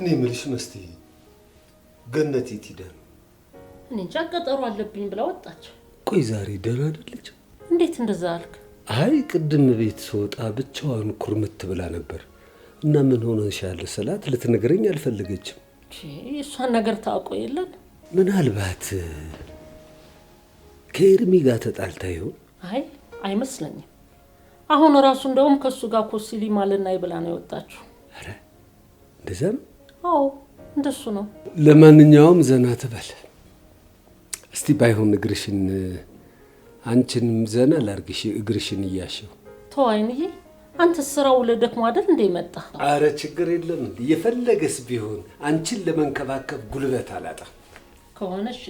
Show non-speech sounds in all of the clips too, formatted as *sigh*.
እኔ የምልሽ መስቴ ገነት የት ሄዳ ነው? እኔ እንጃ ቀጠሮ አለብኝ ብላ ወጣች። ቆይ ዛሬ ደህና አይደለች? እንዴት እንደዛ አልክ? አይ ቅድም ቤት ስወጣ ብቻዋን ኩርምት ብላ ነበር እና ምን ሆነሻል ስላት ልትነግረኝ አልፈለገችም። የእሷን ነገር ታውቀው የለን ምናልባት ከኤርሚ ጋር ተጣልታ ይሆን? አይ አይመስለኝም። አሁን ራሱ እንደውም ከእሱ ጋር ኮሲሊ ማለና ይብላ ነው የወጣችሁ። ኧረ እንደዛ አዎ እንደሱ ነው። ለማንኛውም ዘና ትበል እስቲ። ባይሆን እግርሽን አንቺንም ዘና ላርግሽ። እግርሽን እያሸው ይሄ አንተ ስራው ውለህ ደክሞ አይደል እንደ መጣ። አረ ችግር የለም የፈለገስ ቢሆን አንቺን ለመንከባከብ ጉልበት አላጣ ከሆነሽ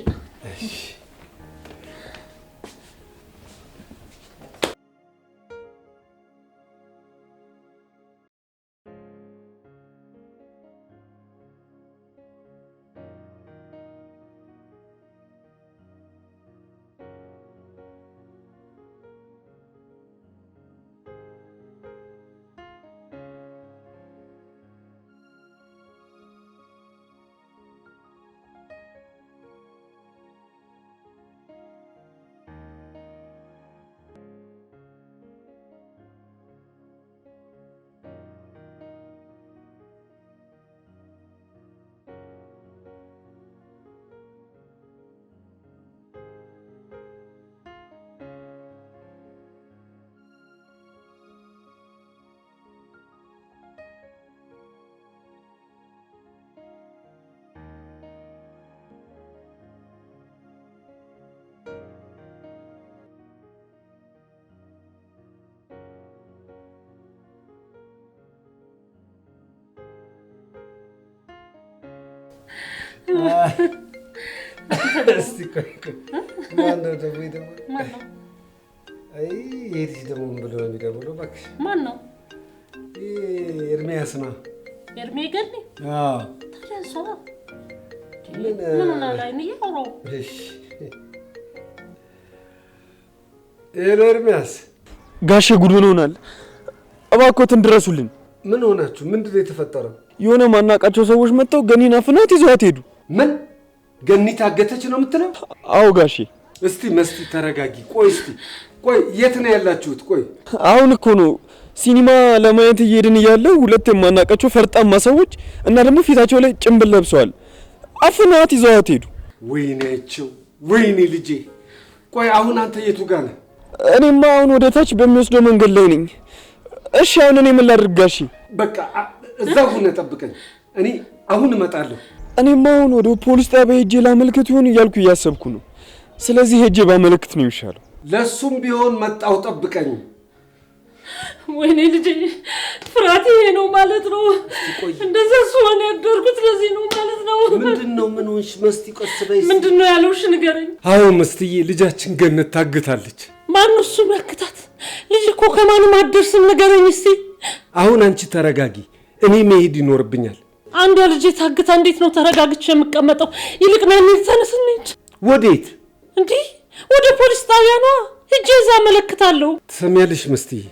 ማነው? ኤርሚያስ ነው። ኤርሜ ገድኔ ታዲያ እሷ ምን ላይን እያወራሁ ሄሎ ኤርሚያስ ጋሼ ጉድ ምን ሆናል? እባክዎትን ድረሱልን። ምን ሆናችሁ? ምንድን ነው የተፈጠረው? የሆነ ማናቃቸው ሰዎች መጥተው ገኒና ፍናት ይዘዋት ሄዱ። ምን ገኒ ታገተች ነው የምትለው? አዎ ጋሼ። እስቲ መስቲ ተረጋጊ። ቆይ እስቲ ቆይ፣ የት ነው ያላችሁት? ቆይ አሁን እኮ ነው ሲኒማ ለማየት እየሄድን እያለ ሁለት የማናውቃቸው ፈርጣማ ሰዎች እና ደግሞ ፊታቸው ላይ ጭንብል ለብሰዋል አፍናት ይዘዋት ሄዱ። ወይኔቸው ወይኔ ልጄ። ቆይ አሁን አንተ የቱ ጋር ነህ? እኔማ አሁን ወደ ታች በሚወስደው መንገድ ላይ ነኝ። እሺ አሁን እኔ ምን ላድርግ ጋሼ? በቃ እዛ ሁነ ጠብቀኝ፣ እኔ አሁን እመጣለሁ። እኔም አሁን ወደ ፖሊስ ጣቢያ ሄጄ ላመልክት ይሆን እያልኩ እያሰብኩ ነው። ስለዚህ ሄጄ ባመለክት ነው የሚሻለው። ለሱም ቢሆን መጣው ጠብቀኝ። ወይኔ ልጅ ፍርሃት ይሄ ነው ማለት ነው። እንደዛ ስሆን ያደርጉት ለዚህ ነው ማለት ነው። ምንድን ነው ምን ሆንሽ መስቲ? ቆስ በይ ምንድን ነው ያለውሽ ንገረኝ። አዎ መስትዬ፣ ልጃችን ገነት ታግታለች። ማን እሱ ያክታት? ልጅ እኮ ከማንም አደርስም። ንገረኝ እስቲ። አሁን አንቺ ተረጋጊ፣ እኔ መሄድ ይኖርብኛል። አንዷ ልጄ ታግታ እንዴት ነው ተረጋግቼ የምቀመጠው? ይልቅ ነው ተነስ፣ እንሂድ። ወዴት? እንዲህ ወደ ፖሊስ ጣቢያኗ ሂጄ እዛ አመለክታለሁ። ትሰሚያለሽ መስትዬ፣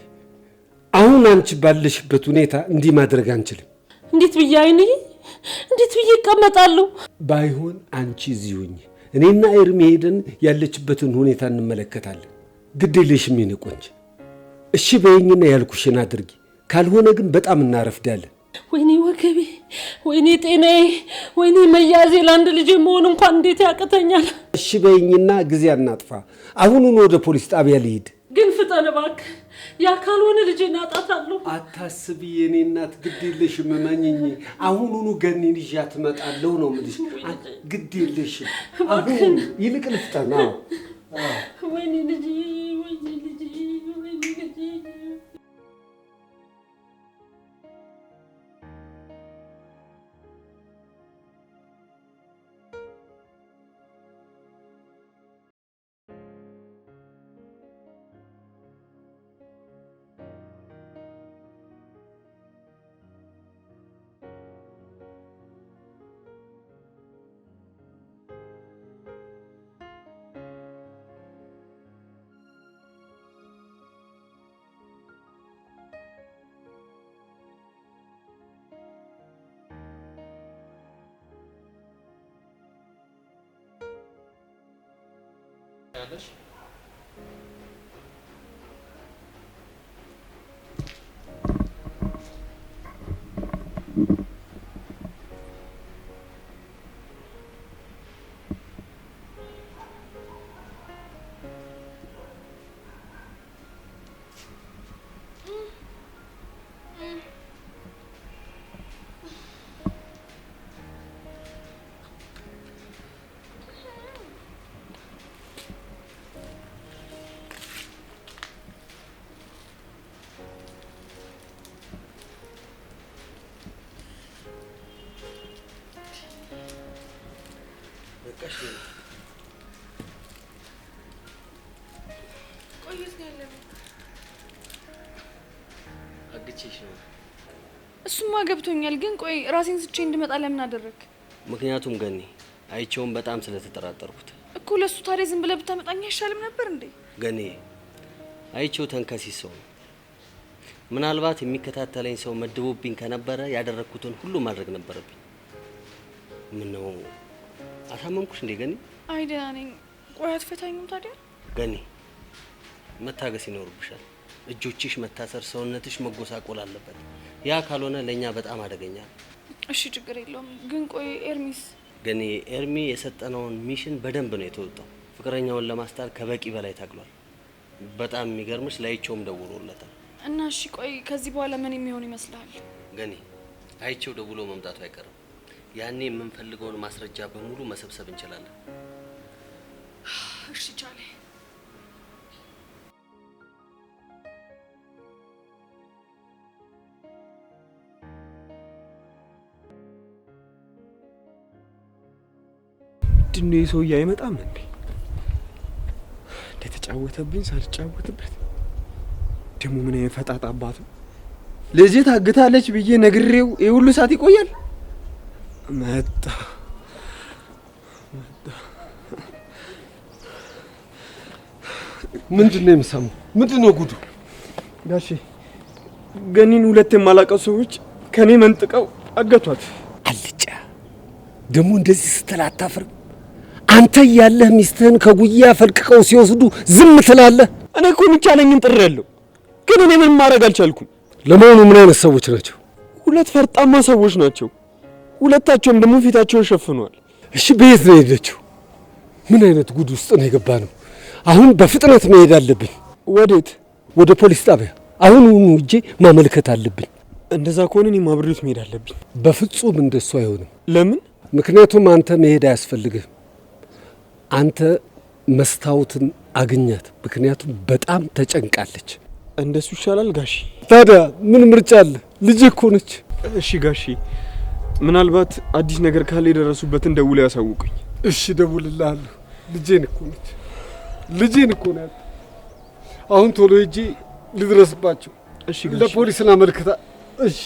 አሁን አንቺ ባለሽበት ሁኔታ እንዲህ ማድረግ አንችልም። እንዴት ብዬ አይንዬ፣ እንዴት ብዬ ይቀመጣለሁ ባይሆን አንቺ እዚህ ሁኚ፣ እኔና ኤርሚ ሄደን ያለችበትን ሁኔታ እንመለከታለን። ግድ የለሽም የኔ ቆንጆ፣ እሺ በይኝና ያልኩሽን አድርጊ። ካልሆነ ግን በጣም እናረፍዳለን። ወይኔ ወገቤ፣ ወይኔ ጤናዬ፣ ወይኔ መያዜ። ለአንድ ልጅ መሆን እንኳን እንዴት ያቅተኛል። እሺ በይኝና ጊዜ አናጥፋ። አሁኑን ወደ ፖሊስ ጣቢያ ልሂድ። ግን ፍጠን እባክህ፣ ያ ካልሆነ ልጄን አጣታለሁ። አታስቢ የኔ እናት፣ ግድ የለሽም እመኝኝ። አሁኑኑ ገኒን ይዣት እመጣለሁ ነው የምልሽ። ግድ የለሽም አሁን፣ ይልቅ ልፍጠን። ወይኔ ልጅ Kardeş. መቼሽ ነው? እሱማ ገብቶኛል፣ ግን ቆይ ራሴን ስቼ እንድመጣ ለምን አደረግ? ምክንያቱም ገኒ አይቸውን በጣም ስለተጠራጠርኩት እኮ። ለሱ ታዲያ ዝም ብለህ ብታመጣኝ አይሻልም ነበር እንዴ? ገኒ አይቸው ተንከሲስ ሰው ነው። ምናልባት የሚከታተለኝ ሰው መድቦብኝ ከነበረ ያደረግኩትን ሁሉ ማድረግ ነበረብኝ። ምን አሳመምኩሽ እንዴ ገኒ? አይ ደህና ነኝ። ቆይ አትፈታኝም ታዲያ ገኒ? መታገስ ይኖርብሻል። እጆችሽ መታሰር፣ ሰውነትሽ መጎሳቆል አለበት። ያ ካልሆነ ለእኛ በጣም አደገኛ። እሺ፣ ችግር የለውም ግን ቆይ ኤርሚስ ግን ኤርሚ የሰጠነውን ሚሽን በደንብ ነው የተወጣው። ፍቅረኛውን ለማስታር ከበቂ በላይ ታግሏል። በጣም የሚገርምሽ ላይቸውም ደውሎለታል። እና እሺ ቆይ ከዚህ በኋላ ምን የሚሆን ይመስልሃል? ገኒ አይቸው ደውሎ መምጣቱ አይቀርም። ያኔ የምንፈልገውን ማስረጃ በሙሉ መሰብሰብ እንችላለን። *sighs* እሺ ቻሌ ምንድን ምንድነው? የሰውዬ አይመጣም እንዴ? እንደተጫወተብኝ ሳልጫወትበት ደግሞ ምን አይነት አባቱ አባት ልጄ ታግታለች ብዬ ነግሬው ይህ ሁሉ ሰዓት ይቆያል። መጣ መጣ። ምንድን ነው የምሰማው? ምንድን ነው ጉዱ? ጋሼ ገኒን ሁለት የማላቀው ሰዎች ከእኔ መንጥቀው አገቷት። አልጫ ደግሞ እንደዚህ ስትል አታፍርም? አንተ ያለህ ሚስትህን ከጉያ ፈልቅቀው ሲወስዱ ዝም ትላለህ? እኔ እኮ የሚቻለኝን ጥሬ ያለው ግን እኔ ምን ማድረግ አልቻልኩም። ለመሆኑ ምን አይነት ሰዎች ናቸው? ሁለት ፈርጣማ ሰዎች ናቸው። ሁለታቸውም ደግሞ ፊታቸውን ሸፍነዋል። እሺ በየት ነው የሄደችው? ምን አይነት ጉድ ውስጥ ነው የገባ ነው? አሁን በፍጥነት መሄድ አለብኝ። ወዴት? ወደ ፖሊስ ጣቢያ አሁን እጄ ማመልከት አለብኝ። እንደዛ ከሆነ እኔም አብሬዎት መሄድ አለብኝ። በፍጹም እንደሱ አይሆንም። ለምን? ምክንያቱም አንተ መሄድ አያስፈልግህም። አንተ መስታወትን አግኛት። ምክንያቱም በጣም ተጨንቃለች። እንደሱ ይሻላል ጋሺ። ታዲያ ምን ምርጫ አለ? ልጅ እኮ ነች። እሺ ጋሺ፣ ምናልባት አዲስ ነገር ካለ የደረሱበትን ደውለ ያሳውቁኝ። እሺ ደውልልሃለሁ። ልጄን እኮ ነች፣ ልጄን እኮ ናት። አሁን ቶሎ ሂጄ ልድረስባቸው። እሺ ጋሺ፣ ለፖሊስ እናመልክታ። እሺ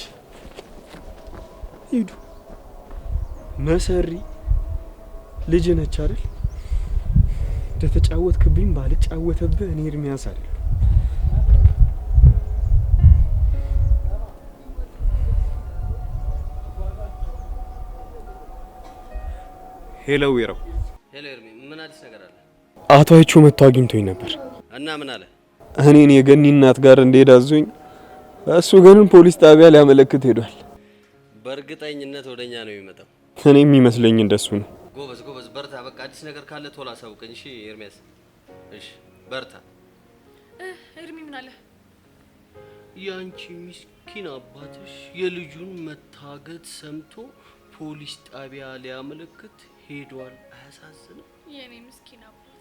ሂዱ። መሰሪ ልጅ ነች አይደል? ለተጫወትክብኝ ባልጫወተብህ እኔ ኤርሚያስ አይደለሁ። ሄሎ ይረው ሄሎ ኤርሚ፣ ምን አዲስ ነገር አለ? አቶ አይቹ መጥቶ አግኝቶኝ ነበር እና ምን አለ? እኔን የገኒ እናት ጋር እንደሄድ አዞኝ፣ እሱ ግን ፖሊስ ጣቢያ ሊያመለክት ሄዷል። በእርግጠኝነት ወደኛ ነው የሚመጣው። እኔም ይመስለኝ እንደሱ ነው። ጎበዝ ጎበዝ፣ በርታ። በቃ አዲስ ነገር ካለ ቶሎ አሳውቀኝ። እሺ ኤርሚያስ፣ እሺ በርታ። እድሜ ምን አለ ያንቺ ምስኪን አባትሽ የልጁን መታገት ሰምቶ ፖሊስ ጣቢያ ሊያመለክት ሄዷል። አያሳዝንም? የኔ ምስኪን አባት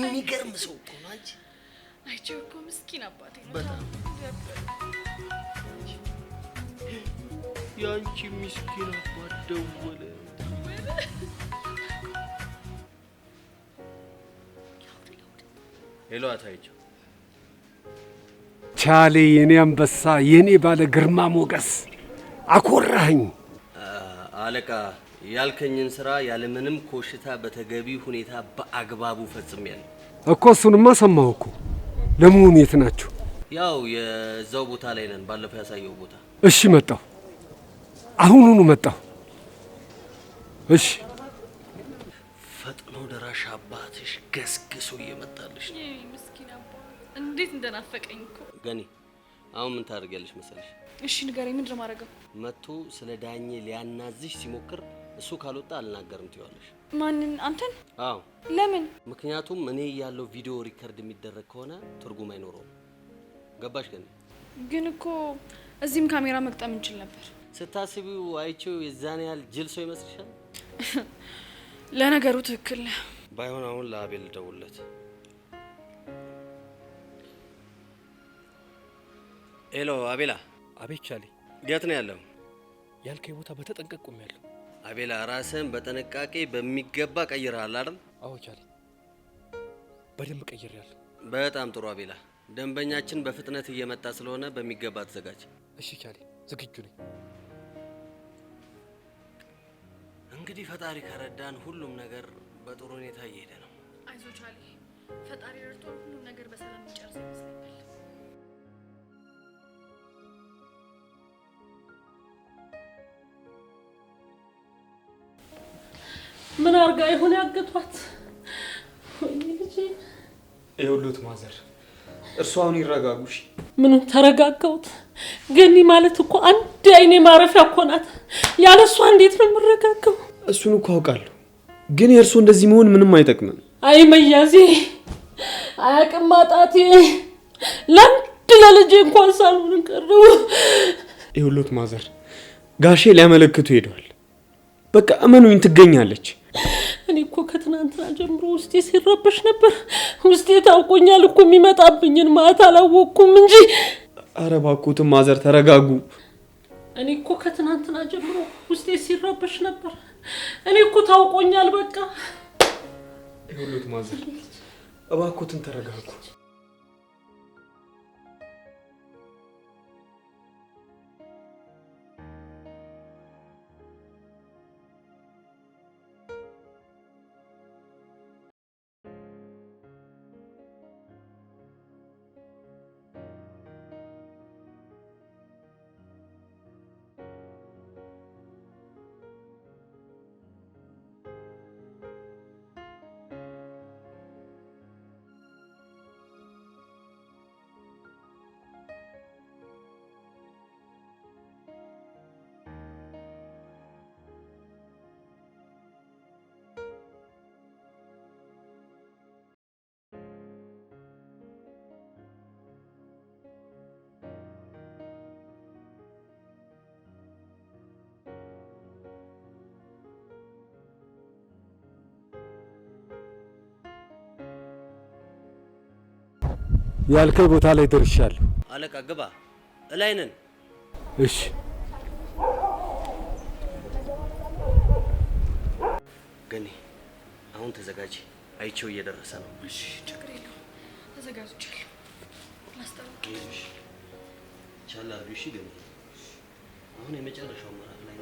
የሚገርም ሰው እኮ ነው። አንቺ አይቼው እኮ ምስኪን አባቴ ነው በጣም የአንቺ ምስኪን አባት ደወለ። ሄሎ አታይቸው ቻሌ፣ የኔ አንበሳ፣ የኔ ባለ ግርማ ሞገስ አኮራህኝ አለቃ ያልከኝን ስራ ያለምንም ኮሽታ በተገቢ ሁኔታ በአግባቡ ፈጽሜያለሁ እኮ። እሱንማ ሰማሁ እኮ። ለመሆኑ የት ናችሁ? ያው የዛው ቦታ ላይ ነን፣ ባለፈው ያሳየው ቦታ። እሺ መጣሁ። አሁኑኑ መጣሁ። እሺ ፈጥኖ ደራሽ አባትሽ ገስግሶ እየመጣልሽ ነው። ምስኪን አባ እንዴት እንደናፈቀኝ እኮ። ገኒ አሁን ምን ታደርጊያለሽ መሰለሽ? እሺ ንገረኝ፣ ምንድን ነው የማደርገው? መጥቶ ስለ ዳኜ ሊያናዝሽ ሲሞክር እሱ ካልወጣ አልናገርም ትይዋለሽ። ማንን? አንተን? አዎ። ለምን? ምክንያቱም እኔ ያለው ቪዲዮ ሪከርድ የሚደረግ ከሆነ ትርጉም አይኖረውም። ገባሽ ገኒ? ግን እኮ እዚህም ካሜራ መቅጠም እንችል ነበር። ስታስቢው አይቼው የዛን ያህል ጅል ሰው ይመስልሻል? *laughs* ለነገሩ ትክክል ባይሆን አሁን ለአቤል ደውለት። ሄሎ አቤላ። አቤት ቻሌ፣ የት ነው ያለው? ያልከኝ ቦታ በተጠንቀቅ ቆሜያለሁ። አቤላ፣ ራስህን በጥንቃቄ በሚገባ ቀይረሃል አይደል? አዎ ቻሌ፣ በደንብ ቀይሬያለሁ። በጣም ጥሩ አቤላ፣ ደንበኛችን በፍጥነት እየመጣ ስለሆነ በሚገባ ተዘጋጅ። እሺ ቻሌ፣ ዝግጁ ነኝ። እንግዲህ ፈጣሪ ከረዳን ሁሉም ነገር በጥሩ ሁኔታ እየሄደ ነው። አይዞ አሊ፣ ፈጣሪ ረድቶ ሁሉም ነገር በሰላም የሚጨርስ ይመስለኛል። ምን አርጋ ይሆን ያገቷት? ይህ ሁሉት ማዘር እርሷ አሁን ይረጋጉሽ። ምኑ ተረጋጋሁት። ገኒ ማለት እኮ አንድ አይኔ ማረፊያ እኮ ናት። ያለሷ እንዴት ነው የምረጋገው? እሱን እኮ አውቃለሁ፣ ግን የእርሱ እንደዚህ መሆን ምንም አይጠቅምም። አይ መያዜ አያቅም ማጣቴ ለአንድ ለልጄ እንኳን ሳልሆን ቀረው። ይኸውልዎት ማዘር፣ ጋሼ ሊያመለክቱ ሄደዋል። በቃ እመኑኝ ትገኛለች። እኔ እኮ ከትናንትና ጀምሮ ውስጤ ሲረበሽ ነበር። ውስጤ ታውቆኛል እኮ የሚመጣብኝን ማታ አላወቅኩም እንጂ። አረባኩትም ማዘር ተረጋጉ። እኔ እኮ ከትናንትና ጀምሮ ውስጤ ሲረበሽ ነበር። እኔ እኮ ታውቆኛል። በቃ ይሁሉት ማዘር፣ እባክዎትን ተረጋጉ። ያልከኝ ቦታ ላይ ደርሻለሁ። አለቃ ግባ፣ እላይ ነን። እሺ ገኒ፣ አሁን ተዘጋጂ፣ አይቼው እየደረሰ ነው። እሺ ችግር የለውም ተዘጋጅቻለሁ። ላስጠሩቅ ቻላ ቢሺ ገኒ፣ አሁን የመጨረሻው ምዕራፍ ላይ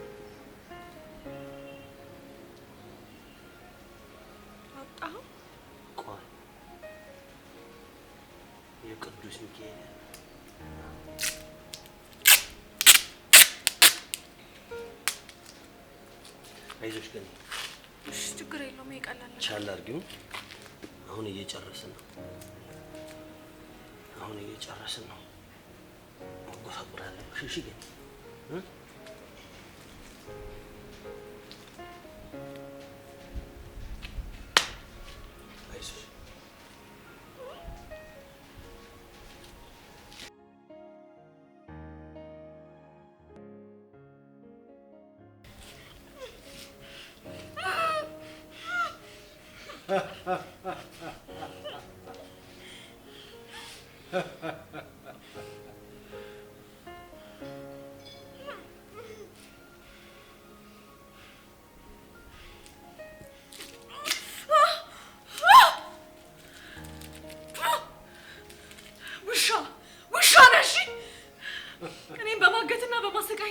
አሁን እየጨረስን ነው። አሁን እየጨረስን ነው። መጎሳቁላለን ሽሽግ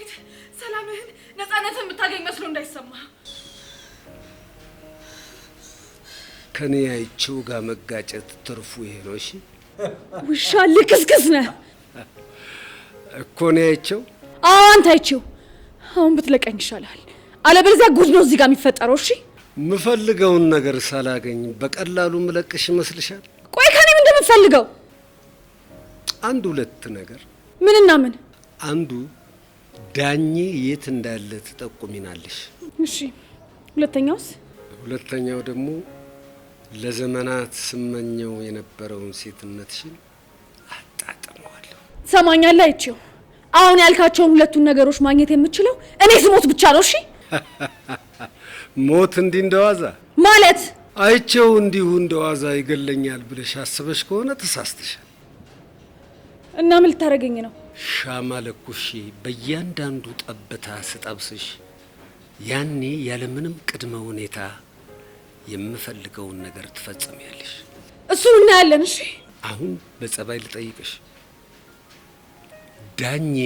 መለያየት ሰላምህን፣ ነፃነትን የምታገኝ መስሎ እንዳይሰማ ከኔ አይቼው ጋር መጋጨት ትርፉ ይሄ ነው። እሺ ውሻ ልክስክስ ነ እኮ ኔ አይቼው። አዎ አንተ አይቼው። አሁን ብትለቀኝ ይሻላል፣ አለበለዚያ ጉድ ነው እዚህ ጋር የሚፈጠረው። እሺ የምፈልገውን ነገር ሳላገኝ በቀላሉ ምለቅሽ ይመስልሻል? ቆይ ከኔም እንደምትፈልገው አንድ ሁለት ነገር ምንና ምን አንዱ ዳኜ የት እንዳለ ትጠቁሚናለሽ። እሺ፣ ሁለተኛውስ? ሁለተኛው ደግሞ ለዘመናት ስመኘው የነበረውን ሴትነትሽን አጣጥመዋለሁ። ሰማኛለ አይቼው አሁን ያልካቸውን ሁለቱን ነገሮች ማግኘት የምችለው እኔ ስሞት ብቻ ነው። እሺ፣ *laughs* ሞት እንዲህ እንደዋዛ ማለት አይቼው እንዲሁ እንደዋዛ ይገለኛል ብለሽ አስበሽ ከሆነ ተሳስተሻል። እና ምን ልታደርገኝ ነው? ሻማ ለኩሼ በእያንዳንዱ ጠብታ ስጠብስሽ ያኔ ያለምንም ቅድመ ሁኔታ የምፈልገውን ነገር ትፈጽሚያለሽ። እሱን እናያለን። እሺ፣ አሁን በጸባይ ልጠይቅሽ። ዳኜ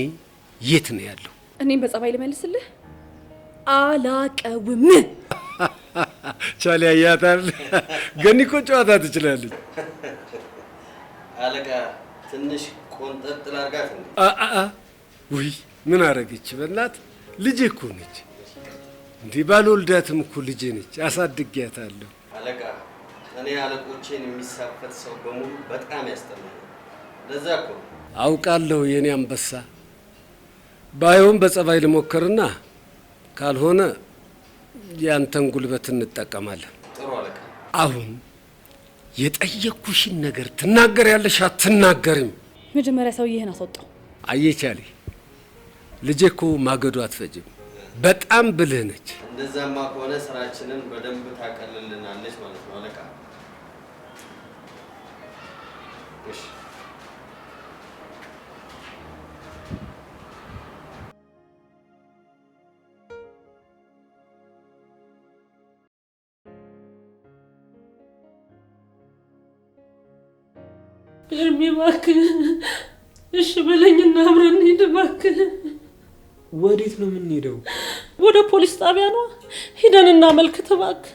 የት ነው ያለው? እኔም በጸባይ ልመልስልህ። አላቀውም። *laughs* ቻሊ አያታል። ገኒ እኮ ጨዋታ ትችላለች። አለቃ ትንሽ ቆንጠጥ ላርጋት እንዴ? ውይ ምን አረገች? በላት ልጄ እኮ ነች እንዲህ ባልወልዳትም እኮ ልጄ ነች፣ አሳድጊያታለሁ። አለቃ እኔ አለቆቼን የሚሳፈት ሰው በሙሉ በጣም ያስጠላል። ለዛ እኮ አውቃለሁ የእኔ አንበሳ። ባይሆን በጸባይ ልሞክርና ካልሆነ ያንተን ጉልበት እንጠቀማለን። ጥሩ አለቃ። አሁን የጠየቅኩሽን ነገር ትናገር ያለሽ አትናገርም? መጀመሪያ ሰውዬህን አስወጣው። አየቻሌ ልጄ እኮ ማገዶ አትፈጅም። በጣም ብልህ ነች። እንደዛማ ከሆነ ስራችንን በደንብ ታቀልልናለች ማለት ነው አለቃ። እርሜ እባክህ እሺ በለኝና አብረን እንሂድ እባክህ። ወዴት ነው የምንሄደው? ወደ ፖሊስ ጣቢያ ነው ሂደን እናመልክት እባክህ።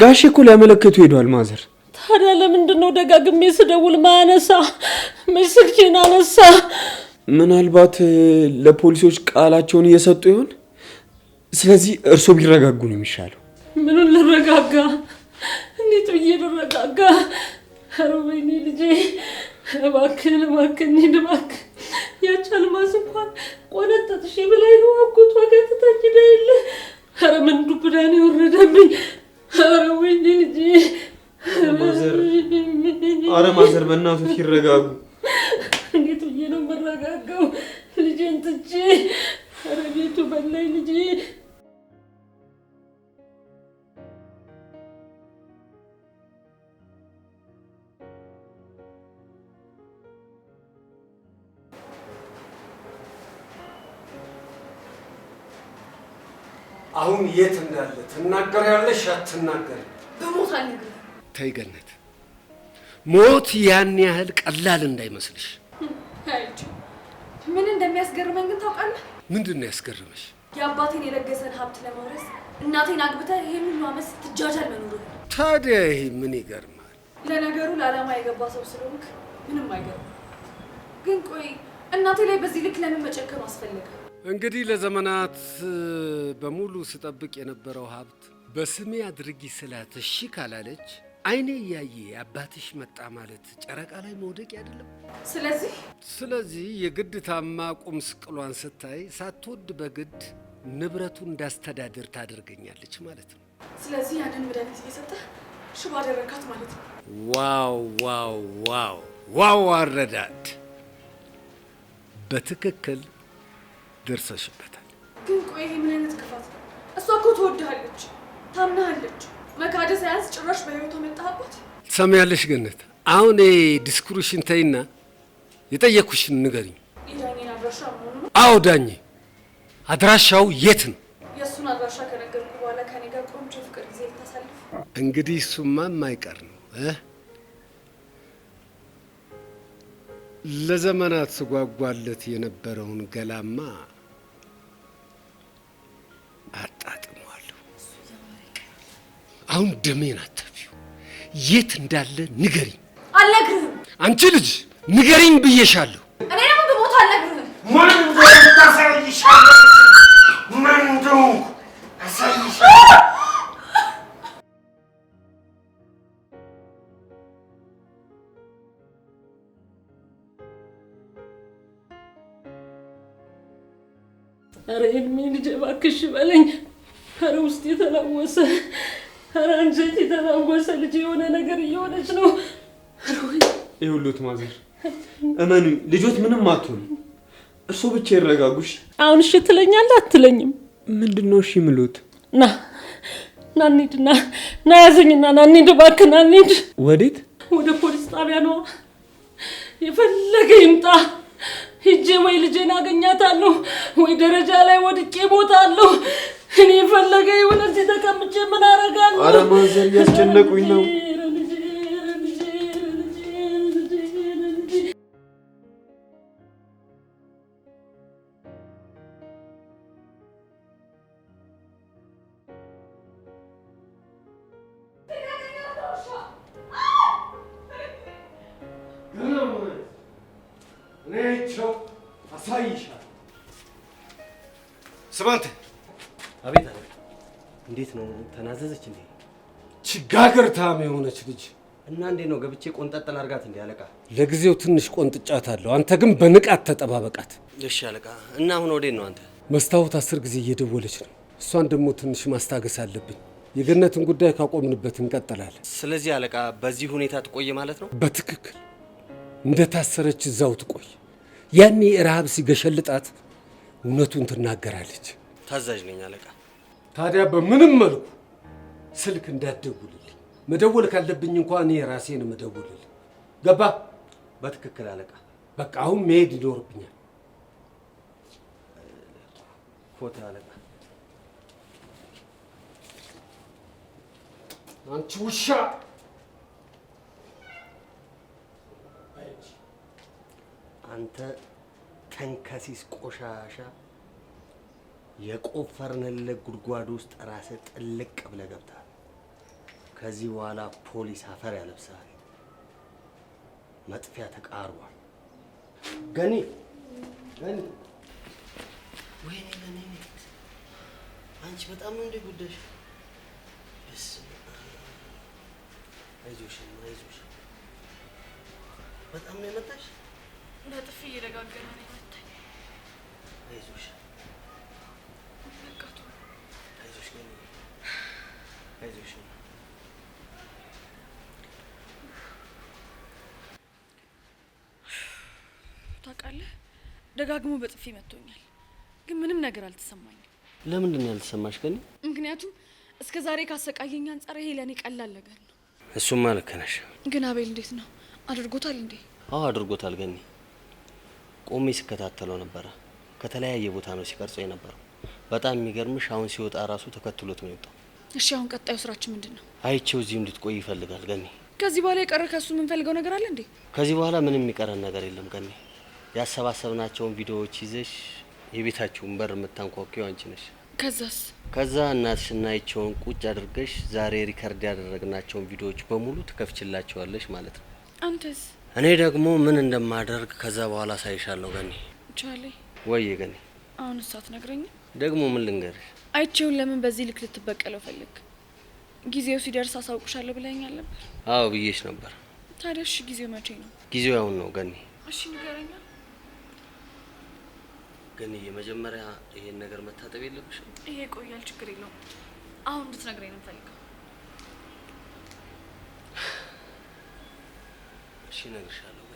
ጋሼ እኮ ሊያመለክቱ ሄዷል ማዘር። ታዲያ ለምንድን ነው ደጋግሜ ስደውል ማያነሳ? መች ስልኬን አነሳ? ምናልባት ለፖሊሶች ቃላቸውን እየሰጡ ይሆን? ስለዚህ እርስዎ ቢረጋጉ ነው የሚሻለው። ምኑን ልረጋጋ? እንዴት ብዬ ልረጋጋ? ኧረ ወይኔ ልጄ፣ እባክህን እባክህን ሂድ እባክህ። ያች አልማዝ እንኳን ቆነጠጥሽ ብላይ ነው አጎቷ ጋር ትታኝ ሄዳ የለ። ኧረ ምን ነው የወረደብኝ። ኧረ ወይኔ ልጄ። ማዘር ይረጋጉ። አሁን የት እንዳለ ትናገር ያለሽ አትናገር? በሞት አልነግርም። ተይ ገነት፣ ሞት ያን ያህል ቀላል እንዳይመስልሽ። ምን እንደሚያስገርመኝ ግን ታውቃለህ? ምንድን ነው ያስገርመሽ? የአባቴን የለገሰን ሀብት ለማውረስ እናቴን አግብተህ ይህን ሁሉ ዓመት ስትጃጃል መኖሩ። ታዲያ ይሄ ምን ይገርማል? ለነገሩ ለዓላማ የገባ ሰው ስለሆንክ ምንም አይገርም። ግን ቆይ እናቴ ላይ በዚህ ልክ ለምን መጨከም አስፈለገ? እንግዲህ ለዘመናት በሙሉ ስጠብቅ የነበረው ሀብት በስሜ አድርጊ ስላት እሺ ካላለች አይኔ እያየ አባትሽ መጣ ማለት ጨረቃ ላይ መውደቅ አይደለም። ስለዚህ ስለዚህ የግድ ታማ ቁም ስቅሏን ስታይ ሳትወድ በግድ ንብረቱን እንዳስተዳድር ታደርገኛለች ማለት ነው። ስለዚህ ያንን መድኃኒት እየሰጠ ሽባ አደረካት ማለት ነው። ዋው ዋው ዋው ዋው! አረዳድ በትክክል ደርሰሽበታል። ግን ቆይ ይሄ ምን አይነት ክፋት ነው? እሷ እኮ ትወድሃለች፣ ታምናሃለች። መካደ ሳያንስ ጭራሽ በህይወቷ መጣህበት። ትሰሚያለሽ ገነት፣ አሁን ዲስኩርሽን ተይና የጠየኩሽን ንገሪኝ። የዳኝን አድራሻ መሆኑ? አዎ ዳኝ፣ አድራሻው የት ነው? የእሱን አድራሻ ከነገርኩ በኋላ ከኔ ጋር ቆንጆ ፍቅር ጊዜ ልታሳልፍ እንግዲህ። እሱማ የማይቀር ነው። ለዘመናት ስጓጓለት የነበረውን ገላማ አጣጥመዋለሁ። አሁን ደሜን አታፊው፣ የት እንዳለ ንገሪኝ። አልነግርህም። አንቺ ልጅ ንገሪኝ ብዬሻለሁ። እኔ ደግሞ በሞት አልነግርህም። ምን እንደሆነ ታሳይሻለሁ። ምን እንደሆንኩ አሳይሻለሁ። ኧረ ህልሜ ልጄ እባክሽ በለኝ። ኧረ ውስጥ የተላወሰ ኧረ አንጀት የተላወሰ ልጄ የሆነ ነገር እየሆነች ነው። ይኸውልዎት ማዘር፣ እመኑኝ ልጆት ምንም አትሆን። እርሶ ብቻ ይረጋጉሽ። አሁን እሺ ትለኛለህ አትለኝም? ምንድን ነው እሺ ምሎት? ና ና እንሂድና ና ያዘኝና ና እንሂድ እባክህ ና እንሂድ። ወዴት? ወደ ፖሊስ ጣቢያ ነው። የፈለገ ይምጣ ሂጄ ወይ ልጄን አገኛታለሁ ወይ ደረጃ ላይ ወድቄ እሞታለሁ። እኔ ፈለገ ይሁን እዚህ ተቀምጬ ምን አረጋለሁ? ኧረ ማዘር እያስጨነቁኝ ነው። ስማንተ አቤት አለ። እንዴት ነው ተናዘዘች እንዴ? ችጋገርታም የሆነች ልጅ እና እንዴ ነው ገብቼ ቆንጠጠል አርጋት እንዴ አለቃ። ለጊዜው ትንሽ ቆንጥጫት አለው። አንተ ግን በንቃት ተጠባበቃት። እሺ አለቃ። እና አሁን ወዴት ነው አንተ? መስታወት አስር ጊዜ እየደወለች ነው። እሷን ደግሞ ትንሽ ማስታገስ አለብኝ። የገነትን ጉዳይ ካቆምንበት እንቀጥላለን። ስለዚህ አለቃ በዚህ ሁኔታ ትቆይ ማለት ነው? በትክክል እንደታሰረች እዛው ትቆይ። ያኔ ረሃብ ሲገሸልጣት እውነቱን ትናገራለች። ታዛዥ ነኝ አለቃ። ታዲያ በምንም መልኩ ስልክ እንዳትደውልልኝ። መደወል ካለብኝ እንኳን እኔ ራሴን መደውልልኝ። ገባ? በትክክል አለቃ። በቃ አሁን መሄድ ይኖርብኛል። ኮታ አለቃ። አንቺ ውሻ! አንተ ተንከሲስ ቆሻሻ የቆፈርንልህ ጉድጓድ ውስጥ ራስህ ጥልቅ ብለ ገብተሃል። ከዚህ በኋላ ፖሊስ አፈር ያለብሳል። መጥፊያ ተቃርቧል። ገኒ ገኒ፣ ወይኔ ገኒ፣ አንቺ በጣም ነው እንዴ ጉዳሽ? አይዞሽ፣ አይዞሽ፣ በጣም ነው የመጣሽ በጥፊ እየደጋገመ ነው የመታኝ። አይዞሽ በቃቱ፣ አይዞሽ፣ አይዞሽ። ታውቃለህ፣ ደጋግሞ በጥፊ መቶኛል፣ ግን ምንም ነገር አልተሰማኝም። ለምንድን ነው ያልተሰማሽ ከኔ? ምክንያቱም እስከ ዛሬ ካሰቃየኝ አንጻር ይሄ ለእኔ ቀላል ነገር ነው። እሱማ ልክ ነሽ። ግን አቤል እንዴት ነው አድርጎታል እንዴ? አዎ አድርጎታል ገኔ ቆሜ ስከታተለው ነበረ። ከተለያየ ቦታ ነው ሲቀርጸው የነበረው። በጣም የሚገርምሽ አሁን ሲወጣ ራሱ ተከትሎት ነው የወጣው። እሺ አሁን ቀጣዩ ስራችን ምንድን ነው? አይቼው እዚህ እንድትቆይ ይፈልጋል ገኒ። ከዚህ በኋላ የቀረ ከሱ የምንፈልገው ነገር አለ እንዴ? ከዚህ በኋላ ምንም የሚቀረን ነገር የለም ገኒ። ያሰባሰብናቸውን ቪዲዮዎች ይዘሽ የቤታችሁን በር የምታንኳኩው አንቺ ነሽ። ከዛስ? ከዛ እናትሽና አይቼውን ቁጭ አድርገሽ ዛሬ ሪከርድ ያደረግናቸውን ቪዲዮዎች በሙሉ ትከፍችላቸዋለሽ ማለት ነው። አንተስ? እኔ ደግሞ ምን እንደማደርግ ከዛ በኋላ ሳይሻለሁ። ገኒ ቻሌ፣ ወይ ገኒ፣ አሁን እሳት ነግረኝ። ደግሞ ምን ልንገርሽ? አይቼውን ለምን በዚህ ልክ ልትበቀለው ፈልግ? ጊዜው ሲደርስ አሳውቅሻለሁ ብለኝ ነበር። አዎ ብዬሽ ነበር። ታዲያ እሺ፣ ጊዜው መቼ ነው? ጊዜው አሁን ነው ገኒ። እሺ ንገረኛ ገኒ። የመጀመሪያ ይሄን ነገር መታጠብ የለብሽም። ይሄ ቆያል፣ ችግር የለውም። አሁን እንድትነግረኝ ነው የምፈልገው። 시너기셔놓